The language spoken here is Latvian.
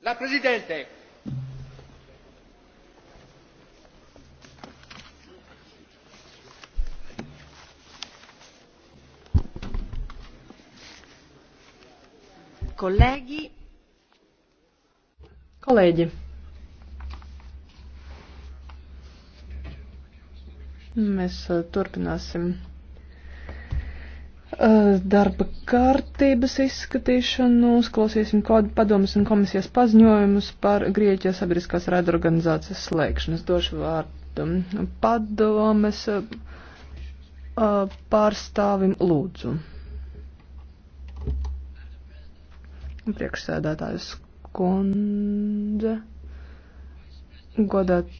La Presidente. Colleghi. Colleghi. Mēs eh, turpināsim. Eh, darba kārtības izskatīšanu, uzklausīsim kādu padomus un komisijas paziņojumus par Grieķijas sabiedriskās raidorganizācijas slēgšanas. Došu vārdu padomes eh, pārstāvim lūdzu. Priekšsēdētājs kundze. Godāt.